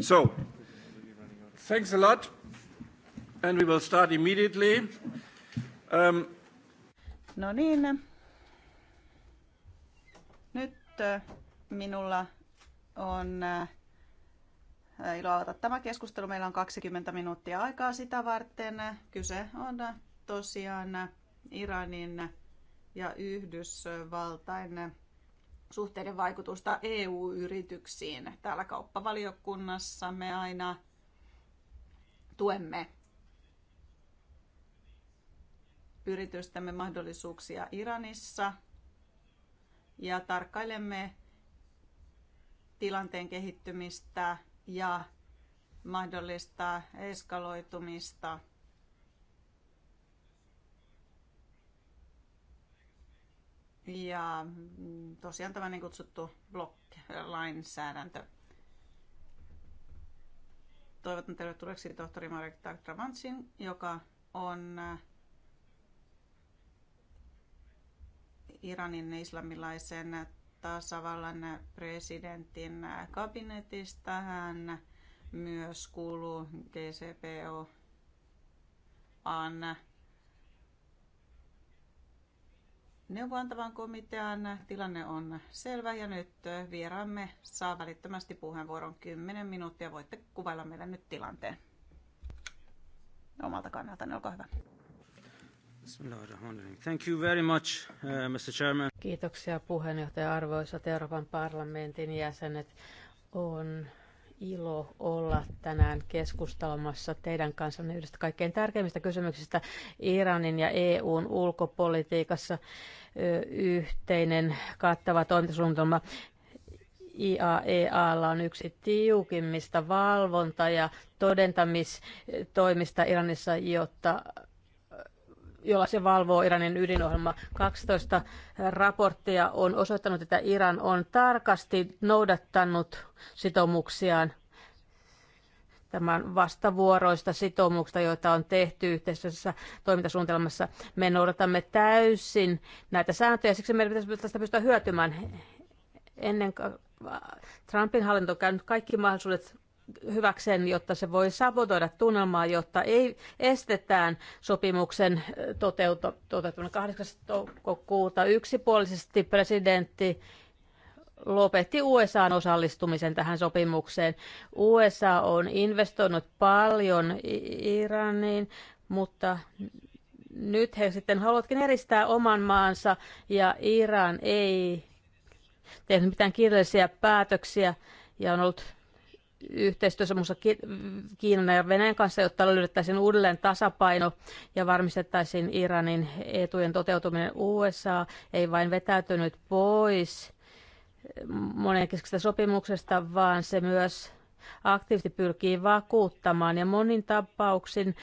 So, thanks a lot, and we will start immediately. Um, no niin. Nyt äh, minulla on äh, ilo avata tämä keskustelu. Meillä on 20 minuuttia aikaa sitä varten. Kyse on äh, tosiaan Iranin ja Yhdysvaltain suhteiden vaikutusta EU-yrityksiin. Täällä kauppavaliokunnassa me aina tuemme yritystämme mahdollisuuksia Iranissa ja tarkkailemme tilanteen kehittymistä ja mahdollista eskaloitumista Ja mm, tosiaan tämä niin kutsuttu blokkilainsäädäntö. Toivotan tervetulleeksi tohtori Marek Tartravansin, joka on äh, Iranin islamilaisen tasavallan presidentin äh, kabinetista. Hän myös kuuluu GCPO neuvontavan komitean. Tilanne on selvä ja nyt vieraamme saa välittömästi puheenvuoron 10 minuuttia. Voitte kuvailla meille nyt tilanteen. Omalta kannaltani, olkaa hyvä. Thank you very much, uh, Mr. Chairman. Kiitoksia puheenjohtaja arvoisat Euroopan parlamentin jäsenet. On ilo olla tänään keskustelmassa teidän kanssanne yhdestä kaikkein tärkeimmistä kysymyksistä Iranin ja EUn ulkopolitiikassa yhteinen kattava toimintasuunnitelma. IAEAlla on yksi tiukimmista valvonta- ja todentamistoimista Iranissa, jotta jolla se valvoo Iranin ydinohjelma. 12 raporttia on osoittanut, että Iran on tarkasti noudattanut sitoumuksiaan tämän vastavuoroista sitoumuksista, joita on tehty yhteisessä toimintasuunnitelmassa. Me noudatamme täysin näitä sääntöjä, siksi meidän pitäisi tästä pystyä hyötymään. Ennen Trumpin hallinto on käynyt kaikki mahdollisuudet hyväkseen, jotta se voi sabotoida tunnelmaa, jotta ei estetään sopimuksen toteutuminen. 8. toukokuuta yksipuolisesti presidentti lopetti USAn osallistumisen tähän sopimukseen. USA on investoinut paljon Iraniin, mutta nyt he sitten haluatkin eristää oman maansa ja Iran ei tehnyt mitään kirjallisia päätöksiä ja on ollut yhteistyössä muussa Kiinan ja Venäjän kanssa, jotta löydettäisiin uudelleen tasapaino ja varmistettaisiin Iranin etujen toteutuminen. USA ei vain vetäytynyt pois monenkeskisestä sopimuksesta, vaan se myös aktiivisesti pyrkii vakuuttamaan ja monin tapauksin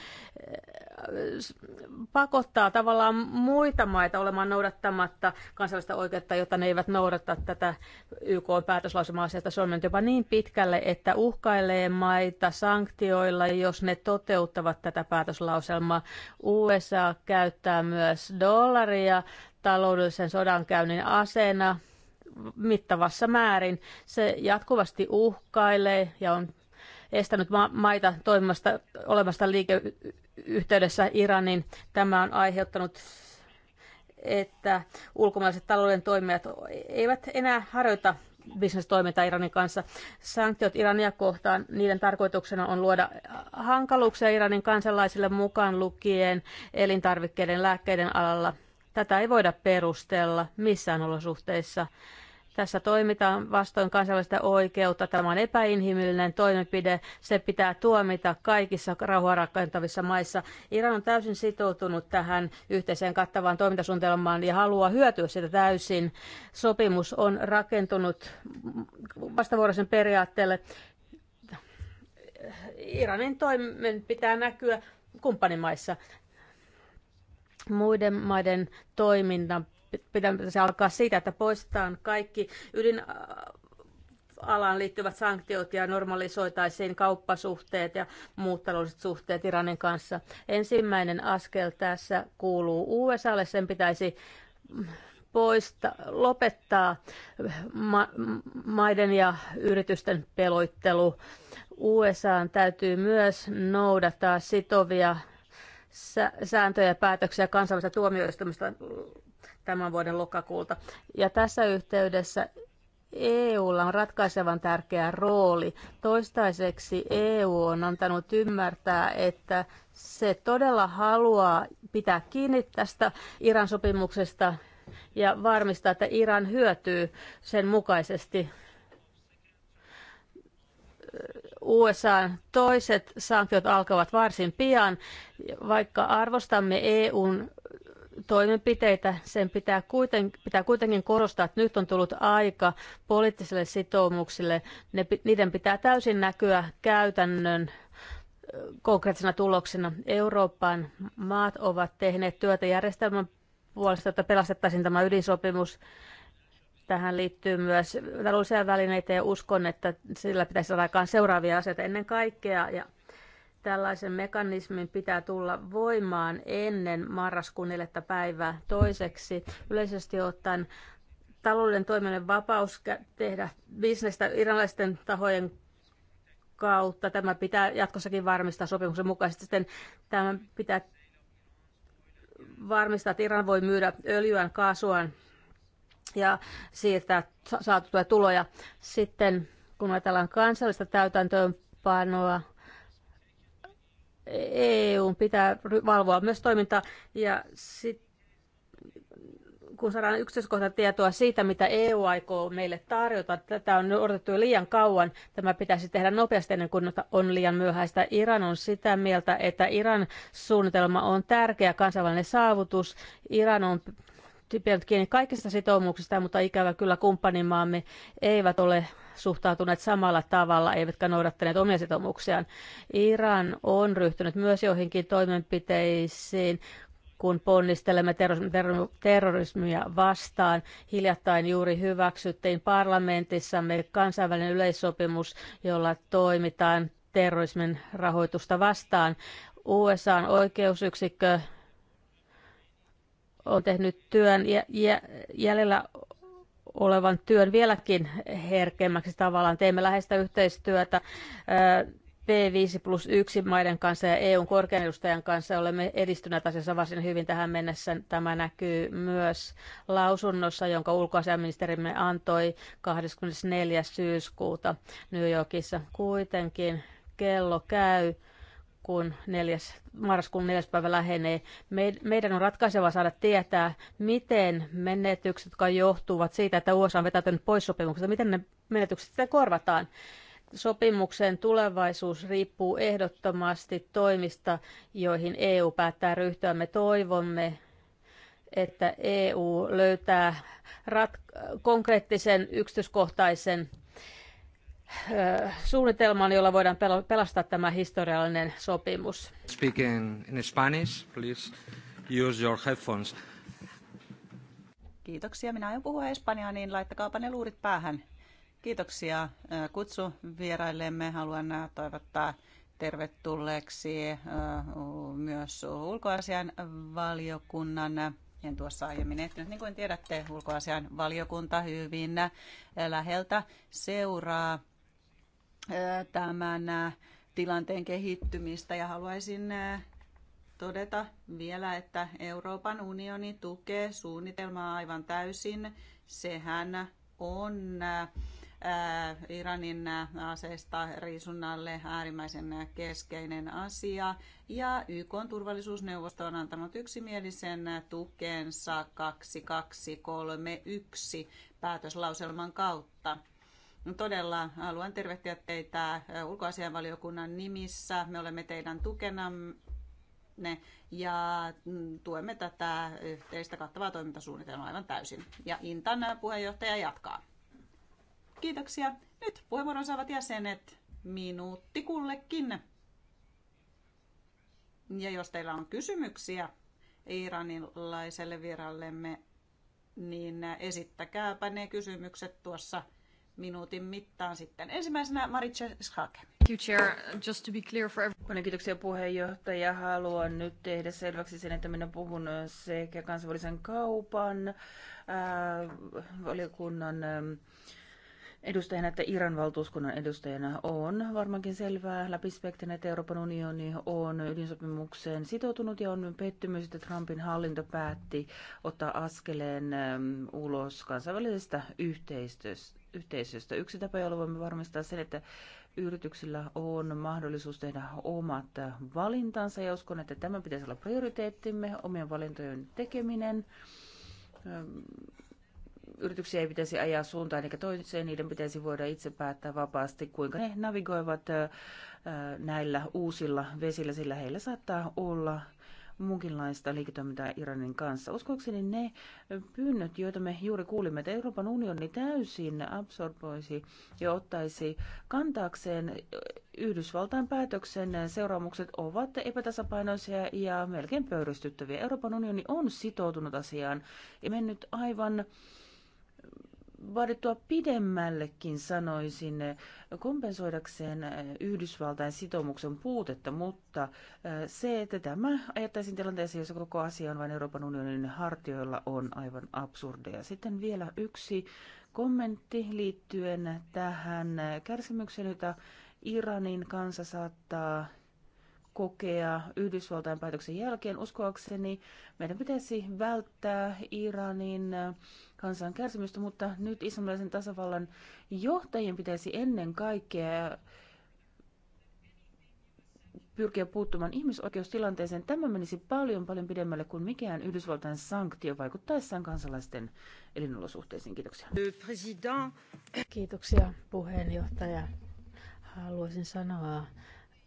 pakottaa tavallaan muita maita olemaan noudattamatta kansallista oikeutta, jotta ne eivät noudata tätä YK-päätöslausumaa asiasta. Se on mennyt jopa niin pitkälle, että uhkailee maita sanktioilla, jos ne toteuttavat tätä päätöslauselmaa. USA käyttää myös dollaria taloudellisen sodankäynnin aseena mittavassa määrin. Se jatkuvasti uhkailee ja on estänyt ma- maita toimimasta olemasta liikeyhteydessä Iranin. Tämä on aiheuttanut että ulkomaiset talouden toimijat eivät enää harjoita bisnestoimintaa Iranin kanssa. Sanktiot Irania kohtaan, niiden tarkoituksena on luoda hankaluuksia Iranin kansalaisille mukaan lukien elintarvikkeiden lääkkeiden alalla. Tätä ei voida perustella missään olosuhteissa. Tässä toimitaan vastoin kansainvälistä oikeutta. Tämä on epäinhimillinen toimenpide. Se pitää tuomita kaikissa rauhaa rakentavissa maissa. Iran on täysin sitoutunut tähän yhteiseen kattavaan toimintasuunnitelmaan ja haluaa hyötyä sitä täysin. Sopimus on rakentunut vastavuoroisen periaatteelle. Iranin toimen pitää näkyä kumppanimaissa muiden maiden toiminnan pitäisi alkaa siitä, että poistetaan kaikki ydin äh, alaan liittyvät sanktiot ja normalisoitaisiin kauppasuhteet ja muut taloudelliset suhteet Iranin kanssa. Ensimmäinen askel tässä kuuluu USAlle. Sen pitäisi poista, lopettaa ma- maiden ja yritysten peloittelu. USA täytyy myös noudattaa sitovia sääntöjä ja päätöksiä kansainvälistä tuomioistumista tämän vuoden lokakuulta. Ja tässä yhteydessä EUlla on ratkaisevan tärkeä rooli. Toistaiseksi EU on antanut ymmärtää, että se todella haluaa pitää kiinni tästä Iran sopimuksesta ja varmistaa, että Iran hyötyy sen mukaisesti. USA toiset sanktiot alkavat varsin pian, vaikka arvostamme EUn toimenpiteitä. Sen pitää kuitenkin, pitää kuitenkin korostaa, että nyt on tullut aika poliittisille sitoumuksille. Ne, niiden pitää täysin näkyä käytännön konkreettisena tuloksena. Euroopan maat ovat tehneet työtä järjestelmän puolesta, että pelastettaisiin tämä ydinsopimus. Tähän liittyy myös taloudellisia välineitä ja uskon, että sillä pitäisi saada aikaan seuraavia asioita ennen kaikkea ja Tällaisen mekanismin pitää tulla voimaan ennen marraskuun 4. päivää. Toiseksi yleisesti ottaen talouden toiminnan vapaus tehdä bisnestä iranlaisten tahojen kautta. Tämä pitää jatkossakin varmistaa sopimuksen mukaisesti. Sitten tämä pitää varmistaa, että Iran voi myydä öljyään, kaasuaan ja siirtää saatuja tuloja. Sitten kun ajatellaan kansallista täytäntöönpanoa, EU pitää valvoa myös toimintaa ja sit, kun saadaan yksityiskohtaista tietoa siitä, mitä EU aikoo meille tarjota, tätä on odotettu jo liian kauan. Tämä pitäisi tehdä nopeasti ennen kuin on liian myöhäistä. Iran on sitä mieltä, että Iran suunnitelma on tärkeä kansainvälinen saavutus. Iran on pitänyt kiinni kaikista sitoumuksista, mutta ikävä kyllä kumppanimaamme eivät ole suhtautuneet samalla tavalla, eivätkä noudattaneet omia sitoumuksiaan. Iran on ryhtynyt myös joihinkin toimenpiteisiin, kun ponnistelemme terrorismia vastaan. Hiljattain juuri hyväksyttiin parlamentissamme kansainvälinen yleissopimus, jolla toimitaan terrorismin rahoitusta vastaan. USAn oikeusyksikkö on tehnyt työn jäljellä olevan työn vieläkin herkemmäksi tavallaan. Teemme läheistä yhteistyötä P5 plus 1 maiden kanssa ja EUn korkean edustajan kanssa olemme edistyneet asiassa varsin hyvin tähän mennessä. Tämä näkyy myös lausunnossa, jonka ulkoasiaministerimme antoi 24. syyskuuta New Yorkissa. Kuitenkin kello käy kun neljäs, marraskuun neljäs päivä lähenee. Meidän on ratkaiseva saada tietää, miten menetykset, jotka johtuvat siitä, että USA on vetänyt pois sopimuksesta, miten ne menetykset sitten korvataan. Sopimuksen tulevaisuus riippuu ehdottomasti toimista, joihin EU päättää ryhtyä. Me toivomme, että EU löytää rat- konkreettisen yksityiskohtaisen suunnitelman, jolla voidaan pelastaa tämä historiallinen sopimus. Speaking in Spanish, please use your headphones. Kiitoksia. Minä aion puhua espanjaa, niin laittakaapa ne luurit päähän. Kiitoksia kutsu vieraillemme. Haluan toivottaa tervetulleeksi myös ulkoasian valiokunnan en tuossa aiemmin ehtinyt. Niin kuin tiedätte, ulkoasian valiokunta hyvin läheltä seuraa tämän tilanteen kehittymistä ja haluaisin todeta vielä, että Euroopan unioni tukee suunnitelmaa aivan täysin. Sehän on Iranin aseista riisunnalle äärimmäisen keskeinen asia. Ja YK on turvallisuusneuvosto on antanut yksimielisen tukensa 2231 päätöslauselman kautta. No todella haluan tervehtiä teitä ulkoasianvaliokunnan nimissä. Me olemme teidän tukenanne ja mm, tuemme tätä yhteistä kattavaa toimintasuunnitelmaa aivan täysin. Ja Intan puheenjohtaja jatkaa. Kiitoksia. Nyt puheenvuoron saavat jäsenet minuutti kullekin. Ja jos teillä on kysymyksiä iranilaiselle virallemme, niin esittäkääpä ne kysymykset tuossa minuutin mittaan sitten. Ensimmäisenä Maritse Schake. Just to be clear for everyone, kiitoksia puheenjohtaja. Haluan nyt tehdä selväksi sen, että minä puhun sekä kansainvälisen kaupan äh, valiokunnan äh, edustajana että Iran valtuuskunnan edustajana on varmaankin selvää läpispektin, että Euroopan unioni on ydinsopimukseen sitoutunut ja on pettymys, että Trumpin hallinto päätti ottaa askeleen ähm, ulos kansainvälisestä yhteisöstä. Yksi tapa, jolla voimme varmistaa sen, että yrityksillä on mahdollisuus tehdä omat valintansa ja uskon, että tämä pitäisi olla prioriteettimme, omien valintojen tekeminen ähm, yrityksiä ei pitäisi ajaa suuntaan eikä toiseen, niiden pitäisi voida itse päättää vapaasti, kuinka ne navigoivat näillä uusilla vesillä, sillä heillä saattaa olla muunkinlaista liiketoimintaa Iranin kanssa. Uskoakseni ne pyynnöt, joita me juuri kuulimme, että Euroopan unioni täysin absorboisi ja ottaisi kantaakseen Yhdysvaltain päätöksen seuraamukset ovat epätasapainoisia ja melkein pöyristyttäviä. Euroopan unioni on sitoutunut asiaan ja mennyt aivan vaadittua pidemmällekin, sanoisin, kompensoidakseen äh, Yhdysvaltain sitoumuksen puutetta, mutta äh, se, että tämä ajattaisin tilanteeseen, jossa koko asia on vain Euroopan unionin hartioilla, on aivan absurdeja. Sitten vielä yksi kommentti liittyen tähän äh, kärsimykseen, jota Iranin kansa saattaa kokea Yhdysvaltain päätöksen jälkeen. Uskoakseni meidän pitäisi välttää Iranin kansan kärsimystä, mutta nyt islamilaisen tasavallan johtajien pitäisi ennen kaikkea pyrkiä puuttumaan ihmisoikeustilanteeseen. Tämä menisi paljon paljon pidemmälle kuin mikään Yhdysvaltain sanktio vaikuttaessaan kansalaisten elinolosuhteisiin. Kiitoksia. Kiitoksia puheenjohtaja. Haluaisin sanoa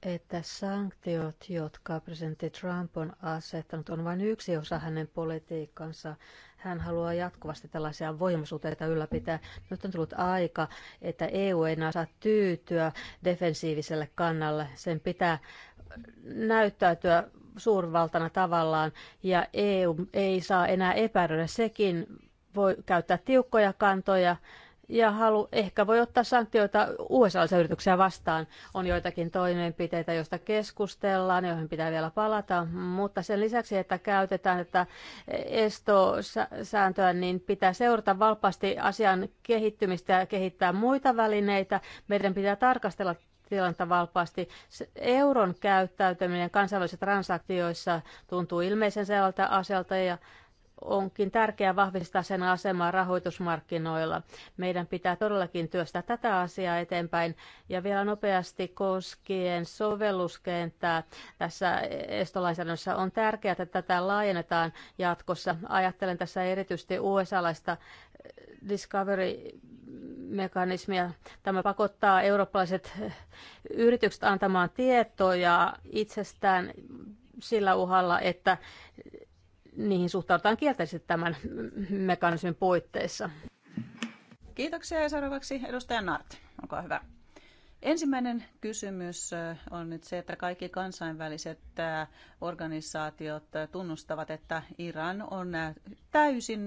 että sanktiot, jotka presidentti Trump on asettanut, on vain yksi osa hänen politiikkansa. Hän haluaa jatkuvasti tällaisia voimasuhteita ylläpitää. Nyt on tullut aika, että EU ei enää saa tyytyä defensiiviselle kannalle. Sen pitää näyttäytyä suurvaltana tavallaan, ja EU ei saa enää epäröidä. Sekin voi käyttää tiukkoja kantoja, ja halu, ehkä voi ottaa sanktioita USA yrityksiä vastaan. On joitakin toimenpiteitä, joista keskustellaan, joihin pitää vielä palata, mutta sen lisäksi, että käytetään tätä estosääntöä, niin pitää seurata valpaasti asian kehittymistä ja kehittää muita välineitä. Meidän pitää tarkastella tilannetta valpaasti. Euron käyttäytyminen kansainvälisissä transaktioissa tuntuu ilmeisen sellaiselta asialta ja onkin tärkeää vahvistaa sen asemaa rahoitusmarkkinoilla. Meidän pitää todellakin työstää tätä asiaa eteenpäin. Ja vielä nopeasti koskien sovelluskenttää tässä estolainsäädännössä on tärkeää, että tätä laajennetaan jatkossa. Ajattelen tässä erityisesti USA-laista discovery-mekanismia. Tämä pakottaa eurooppalaiset yritykset antamaan tietoja itsestään sillä uhalla, että niihin suhtaudutaan kielteisesti tämän mekanismin puitteissa. Kiitoksia ja seuraavaksi edustaja Nart. Olkaa hyvä. Ensimmäinen kysymys on nyt se, että kaikki kansainväliset organisaatiot tunnustavat, että Iran on täysin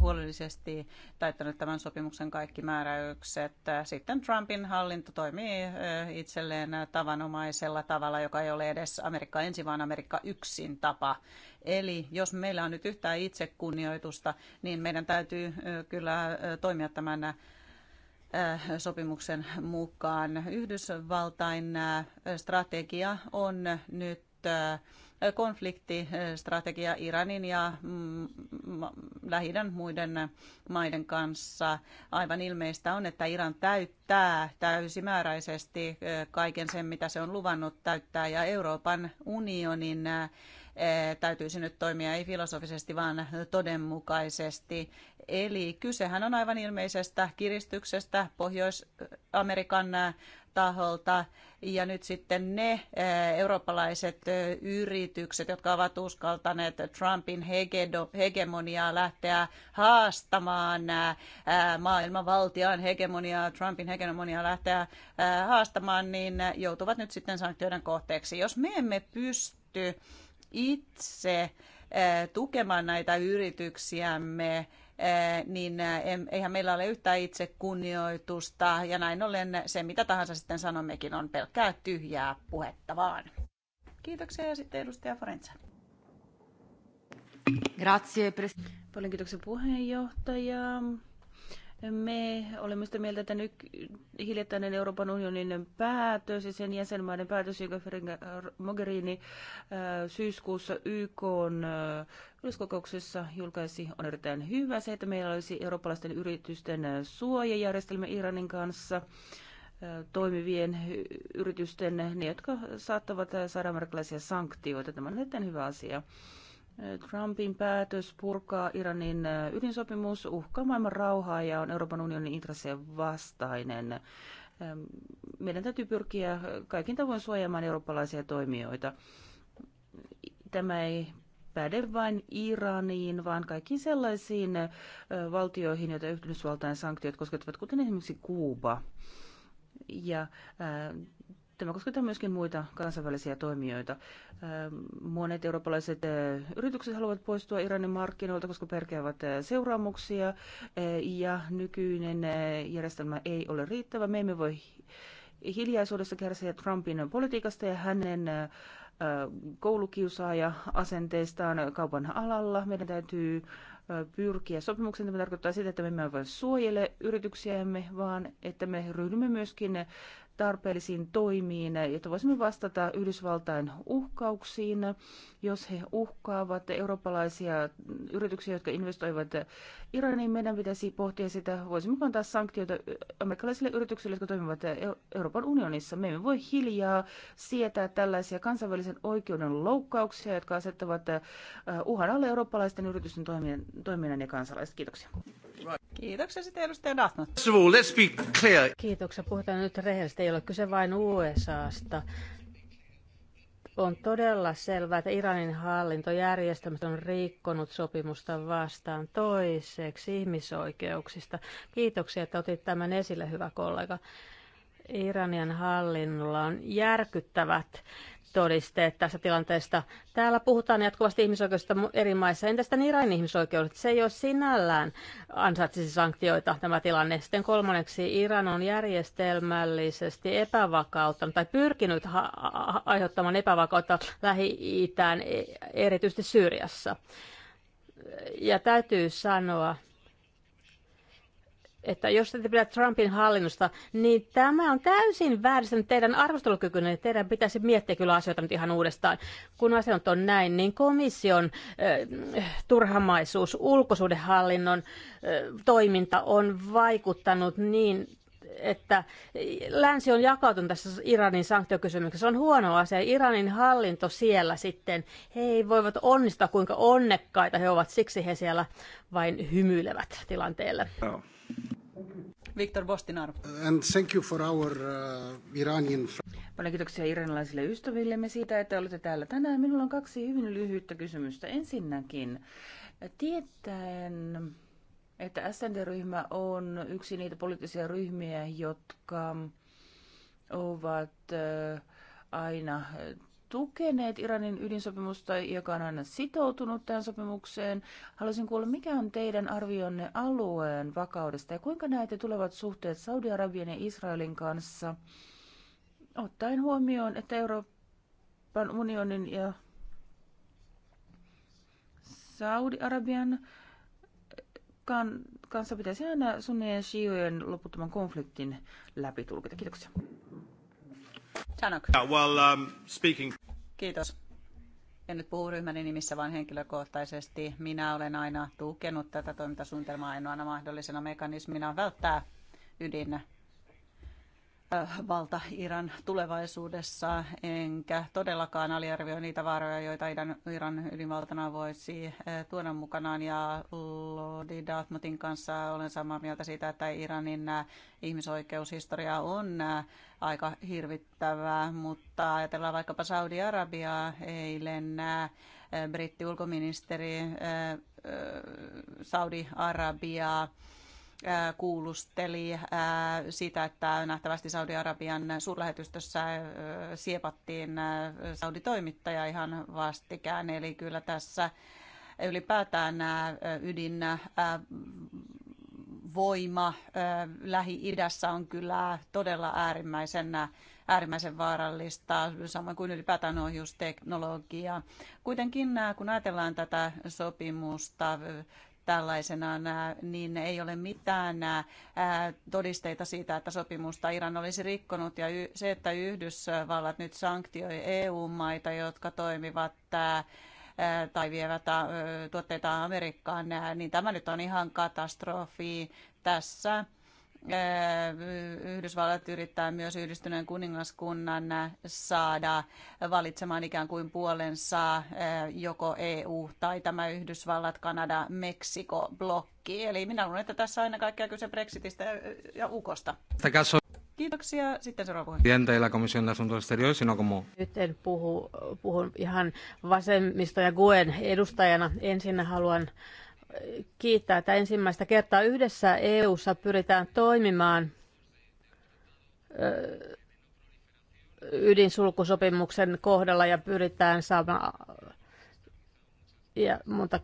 huolellisesti täyttänyt tämän sopimuksen kaikki määräykset. Sitten Trumpin hallinto toimii itselleen tavanomaisella tavalla, joka ei ole edes Amerikka ensin, vaan Amerikka yksin tapa. Eli jos meillä on nyt yhtään itsekunnioitusta, niin meidän täytyy kyllä toimia tämän Äh, sopimuksen mukaan. Yhdysvaltain äh, strategia on nyt äh, konfliktistrategia Iranin ja mm, lähidän muiden maiden kanssa. Aivan ilmeistä on, että Iran täyttää täysimääräisesti kaiken sen, mitä se on luvannut täyttää, ja Euroopan unionin täytyisi nyt toimia ei filosofisesti, vaan todenmukaisesti. Eli kysehän on aivan ilmeisestä kiristyksestä Pohjois-Amerikan äh, taholta. Ja nyt sitten ne äh, eurooppalaiset äh, yritykset, jotka ovat uskaltaneet Trumpin hegemoniaa lähteä haastamaan, maailmanvaltiaan hegemoniaa, Trumpin hegemoniaa lähteä haastamaan, niin joutuvat nyt sitten sanktioiden kohteeksi. Jos me emme pysty itse tukemaan näitä yrityksiämme, Eh, niin eh, eihän meillä ole yhtä kunnioitusta ja näin ollen se mitä tahansa sitten sanommekin on pelkkää tyhjää puhetta vaan. Kiitoksia ja sitten edustaja Forenza. Grazie. Paljon kiitoksia puheenjohtaja. Me olemme sitä mieltä, että nyt hiljattainen Euroopan unionin päätös ja sen jäsenmaiden päätös, jonka Mogherini äh, syyskuussa YK äh, yleiskokouksessa julkaisi, on erittäin hyvä. Se, että meillä olisi eurooppalaisten yritysten äh, suojajärjestelmä Iranin kanssa toimivien yritysten, ne jotka saattavat saada amerikkalaisia sanktioita. Tämä on erittäin hyvä asia. Trumpin päätös purkaa Iranin äh, ydinsopimus uhkaa maailman rauhaa ja on Euroopan unionin intressien vastainen. Ähm, meidän täytyy pyrkiä kaikin tavoin suojaamaan eurooppalaisia toimijoita. Tämä ei päde vain Iraniin, vaan kaikkiin sellaisiin äh, valtioihin, joita Yhdysvaltain sanktiot koskettavat, kuten esimerkiksi Kuuba. Ja äh, Tämä koskettaa myöskin muita kansainvälisiä toimijoita. Ähm, monet eurooppalaiset äh, yritykset haluavat poistua Iranin markkinoilta, koska perkeävät äh, seuraamuksia äh, ja nykyinen järjestelmä ei ole riittävä. Me emme voi hiljaisuudessa kärsiä Trumpin politiikasta ja hänen koulukiusaaja-asenteistaan kaupan alalla. Meidän täytyy pyrkiä sopimukseen. Tämä tarkoittaa sitä, että me emme vain suojele yrityksiämme, vaan että me ryhdymme myöskin tarpeellisiin toimiin, jotta voisimme vastata Yhdysvaltain uhkauksiin, jos he uhkaavat eurooppalaisia yrityksiä, jotka investoivat Iraniin. Meidän pitäisi pohtia sitä, voisimmeko antaa sanktioita amerikkalaisille yrityksille, jotka toimivat Euroopan unionissa. Me emme voi hiljaa sietää tällaisia kansainvälisen oikeuden loukkauksia, jotka asettavat äh, uhan alle eurooppalaisten yritysten toiminnan ja kansalaiset. Kiitoksia. Kiitoksia sitten edustaja Daphne. Let's be clear. Kiitoksia. Puhutaan nyt rehellisesti. Ei ole kyse vain USAsta. On todella selvää, että Iranin hallintojärjestelmät on rikkonut sopimusta vastaan toiseksi ihmisoikeuksista. Kiitoksia, että otit tämän esille, hyvä kollega. Iranian hallinnolla on järkyttävät todisteet tästä tilanteesta. Täällä puhutaan jatkuvasti ihmisoikeuksista eri maissa. Entästä Iranin ihmisoikeudet? Se ei ole sinällään ansaitsisi sanktioita tämä tilanne. Sitten kolmanneksi Iran on järjestelmällisesti epävakauttanut tai pyrkinyt aiheuttamaan epävakautta Lähi-Itään, e- erityisesti Syyriassa. Ja täytyy sanoa, että jos te pidät Trumpin hallinnosta, niin tämä on täysin vääristänyt teidän arvostelukykynne. Teidän pitäisi miettiä kyllä asioita nyt ihan uudestaan. Kun asiat on näin, niin komission äh, turhamaisuus, ulkosuudenhallinnon äh, eh, toiminta on vaikuttanut niin että länsi on jakautunut tässä Iranin sanktiokysymyksessä. Se on huono asia. Iranin hallinto siellä sitten, he voivat onnistua, kuinka onnekkaita he ovat, siksi he siellä vain hymyilevät tilanteelle. Oh. Viktor Bostinar. And thank you for our, uh, Iranian... Paljon kiitoksia iranilaisille ystävillemme siitä, että olette täällä tänään. Minulla on kaksi hyvin lyhyttä kysymystä. Ensinnäkin, tietäen, että SND-ryhmä on yksi niitä poliittisia ryhmiä, jotka ovat aina tukeneet Iranin ydinsopimusta, joka on aina sitoutunut tähän sopimukseen. Haluaisin kuulla, mikä on teidän arvionne alueen vakaudesta ja kuinka näette tulevat suhteet Saudi-Arabian ja Israelin kanssa, ottaen huomioon, että Euroopan unionin ja Saudi-Arabian kan, kanssa pitäisi aina sunnien ja shiojen loputtoman konfliktin tulkita. Kiitoksia. Tanok. Yeah, well, um, speaking. Kiitos. En nyt puhu ryhmäni nimissä, vaan henkilökohtaisesti. Minä olen aina tukenut tätä toimintasuunnitelmaa ainoana mahdollisena mekanismina välttää ydin valta Iran tulevaisuudessa, enkä todellakaan aliarvioi niitä vaaroja, joita Iran ydinvaltana voisi eh, tuoda mukanaan. Ja Lodi Dahmatin kanssa olen samaa mieltä siitä, että Iranin eh, ihmisoikeushistoria on eh, aika hirvittävää, mutta ajatellaan vaikkapa Saudi-Arabiaa eilen britti ulkoministeri Saudi-Arabiaa kuulusteli sitä, että nähtävästi Saudi-Arabian suurlähetystössä siepattiin Saudi-toimittaja ihan vastikään. Eli kyllä tässä ylipäätään nämä ydin voima Lähi-idässä on kyllä todella äärimmäisen, äärimmäisen vaarallista, samoin kuin ylipäätään ohjusteknologia. Kuitenkin kun ajatellaan tätä sopimusta, tällaisenaan, niin ei ole mitään todisteita siitä, että sopimusta Iran olisi rikkonut. Ja se, että Yhdysvallat nyt sanktioi EU-maita, jotka toimivat tai vievät tuotteita Amerikkaan, niin tämä nyt on ihan katastrofi tässä Yhdysvallat yrittää myös yhdistyneen kuningaskunnan saada valitsemaan ikään kuin puolensa joko EU tai tämä Yhdysvallat, Kanada, Meksiko blokki. Eli minä luulen, että tässä on aina kaikkea kyse Brexitistä ja Ukosta. Kiitoksia. Sitten seuraava puheenjohtaja. Nyt en puhu, puhun ihan vasemmisto ja Guen edustajana. Ensin haluan kiittää, että ensimmäistä kertaa yhdessä EU:ssa pyritään toimimaan ydinsulkusopimuksen kohdalla ja pyritään saamaan ja monta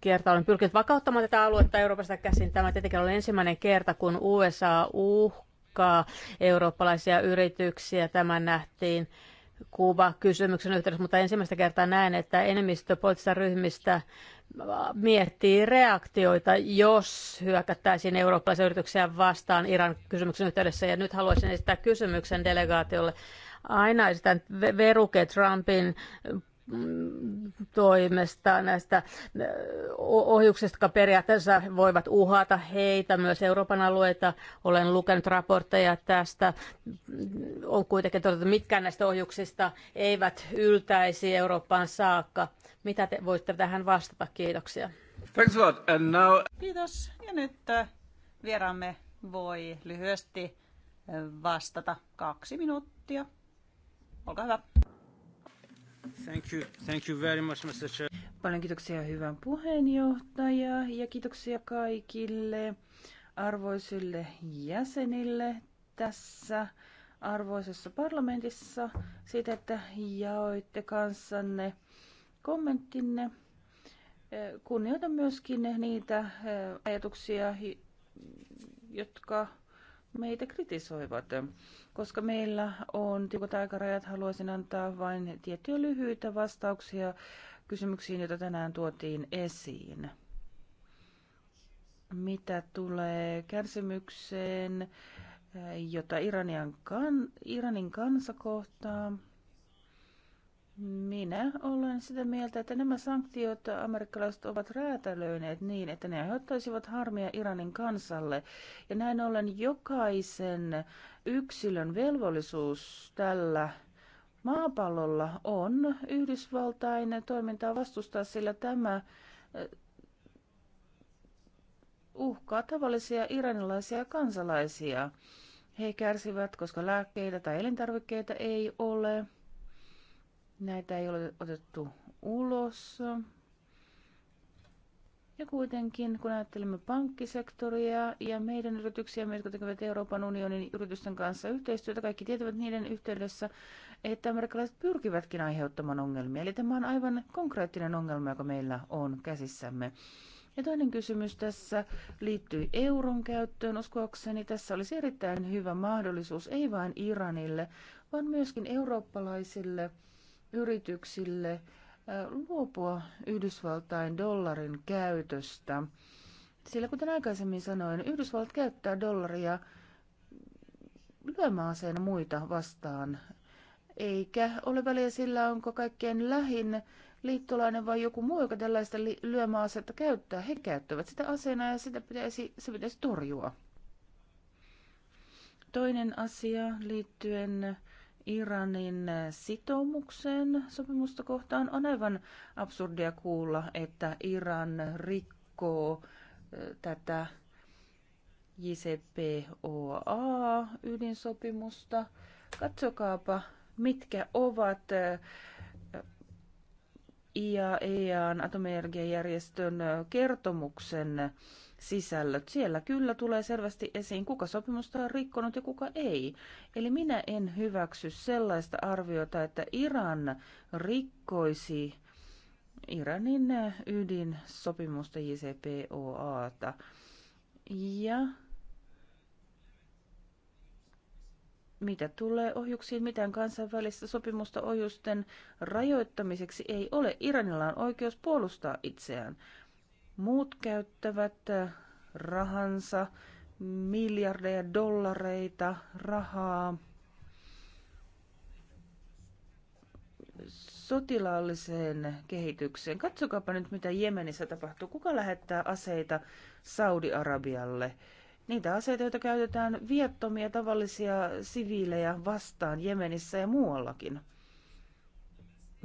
kertaa olen pyrkinyt vakauttamaan tätä aluetta Euroopasta käsin. Tämä tietenkin oli ensimmäinen kerta, kun USA uhkaa eurooppalaisia yrityksiä. Tämä nähtiin Kuuba-kysymyksen yhteydessä, mutta ensimmäistä kertaa näen, että enemmistö poliittisista ryhmistä miettii reaktioita, jos hyökättäisiin eurooppalaisia yrityksiä vastaan Iran kysymyksen yhteydessä. Ja nyt haluaisin esittää kysymyksen delegaatiolle. Aina esitän veruke Trumpin Mm, toimesta näistä ohjuksista, jotka periaatteessa voivat uhata heitä, myös Euroopan alueita. Olen lukenut raportteja tästä. Mm, on kuitenkin todettu, että mitkään näistä ohjuksista eivät yltäisi Eurooppaan saakka. Mitä te voitte tähän vastata? Kiitoksia. Thanks a lot. And now... Kiitos. Ja nyt vieraamme voi lyhyesti vastata kaksi minuuttia. Olkaa hyvä. Thank you. Thank you very much, Mr. Chair. Paljon kiitoksia hyvän puheenjohtaja ja kiitoksia kaikille arvoisille jäsenille tässä arvoisessa parlamentissa siitä, että jaoitte kanssanne kommenttinne. Kunnioitan myöskin niitä eh, ajatuksia, jotka meitä kritisoivat. Koska meillä on tiukat aikarajat, haluaisin antaa vain tiettyjä lyhyitä vastauksia kysymyksiin, joita tänään tuotiin esiin. Mitä tulee kärsimykseen, jota Iranian kan, Iranin kansa kohtaa? Minä olen sitä mieltä, että nämä sanktiot amerikkalaiset ovat räätälöineet niin, että ne aiheuttaisivat harmia Iranin kansalle. Ja näin ollen jokaisen yksilön velvollisuus tällä maapallolla on Yhdysvaltain toimintaa vastustaa, sillä tämä eh, uhkaa tavallisia iranilaisia kansalaisia. He kärsivät, koska lääkkeitä tai elintarvikkeita ei ole. Näitä ei ole otettu ulos. Ja kuitenkin, kun ajattelemme pankkisektoria ja meidän yrityksiä, jotka tekevät Euroopan unionin yritysten kanssa yhteistyötä, kaikki tietävät niiden yhteydessä, että amerikkalaiset pyrkivätkin aiheuttamaan ongelmia. Eli tämä on aivan konkreettinen ongelma, joka meillä on käsissämme. Ja toinen kysymys tässä liittyy euron käyttöön. Uskoakseni tässä olisi erittäin hyvä mahdollisuus ei vain Iranille, vaan myöskin eurooppalaisille yrityksille luopua Yhdysvaltain dollarin käytöstä. Sillä kuten aikaisemmin sanoin, Yhdysvallat käyttää dollaria lyömäaseena muita vastaan, eikä ole väliä sillä, onko kaikkein lähin liittolainen vai joku muu, joka tällaista lyömäasetta käyttää. He käyttävät sitä aseena ja sitä pitäisi, se pitäisi torjua. Toinen asia liittyen Iranin sitoumukseen sopimusta kohtaan. On aivan absurdia kuulla, että Iran rikkoo tätä JCPOA-ydinsopimusta. Katsokaapa, mitkä ovat IAEAn atomienergiajärjestön kertomuksen sisällöt. Siellä kyllä tulee selvästi esiin, kuka sopimusta on rikkonut ja kuka ei. Eli minä en hyväksy sellaista arviota, että Iran rikkoisi Iranin ydinsopimusta JCPOAta. Ja mitä tulee ohjuksiin, mitään kansainvälistä sopimusta ohjusten rajoittamiseksi ei ole. Iranilla on oikeus puolustaa itseään. Muut käyttävät äh, rahansa, miljardeja dollareita, rahaa sotilaalliseen kehitykseen. Katsokaapa nyt, mitä Jemenissä tapahtuu. Kuka lähettää aseita Saudi-Arabialle? Niitä aseita, joita käytetään viettomia tavallisia siviilejä vastaan Jemenissä ja muuallakin.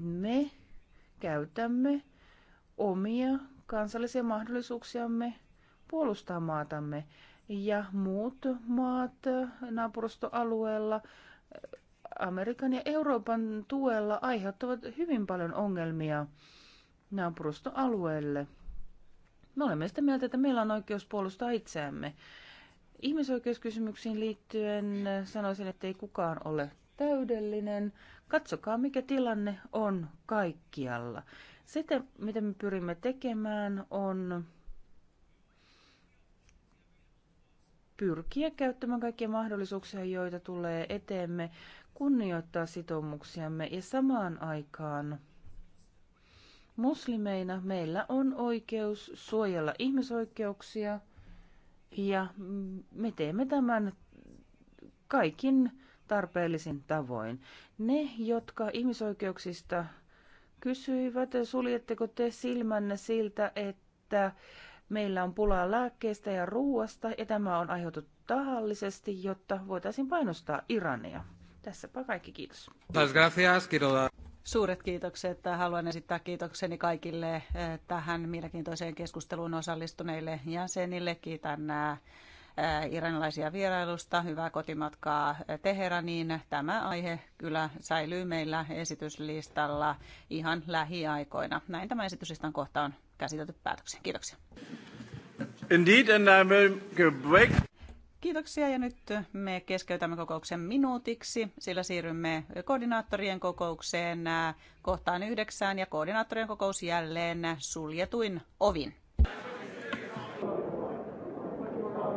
Me käytämme omia kansallisia mahdollisuuksiamme puolustaa maatamme. Ja muut maat naapurustoalueella Amerikan ja Euroopan tuella aiheuttavat hyvin paljon ongelmia naapurustoalueelle. Me olemme sitä mieltä, että meillä on oikeus puolustaa itseämme. Ihmisoikeuskysymyksiin liittyen sanoisin, että ei kukaan ole täydellinen. Katsokaa, mikä tilanne on kaikkialla. Sitten mitä me pyrimme tekemään, on pyrkiä käyttämään kaikkia mahdollisuuksia, joita tulee eteemme, kunnioittaa sitoumuksiamme ja samaan aikaan muslimeina meillä on oikeus suojella ihmisoikeuksia ja me teemme tämän kaikin tarpeellisin tavoin. Ne, jotka ihmisoikeuksista kysyivät, suljetteko te silmänne siltä, että meillä on pulaa lääkkeistä ja ruoasta ja tämä on aiheutettu tahallisesti, jotta voitaisiin painostaa Irania. Tässäpä kaikki, kiitos. Suuret kiitokset. Haluan esittää kiitokseni kaikille eh, tähän mielenkiintoiseen keskusteluun osallistuneille jäsenille. Kiitän eh, Äh, iranilaisia vierailusta, hyvää kotimatkaa äh, Teheraniin. Tämä aihe kyllä säilyy meillä esityslistalla ihan lähiaikoina. Näin tämä esityslistan kohta on käsitelty päätöksen. Kiitoksia. Indeed, and I will break. Kiitoksia ja nyt me keskeytämme kokouksen minuutiksi, sillä siirrymme koordinaattorien kokoukseen äh, kohtaan yhdeksään ja koordinaattorien kokous jälleen suljetuin ovin.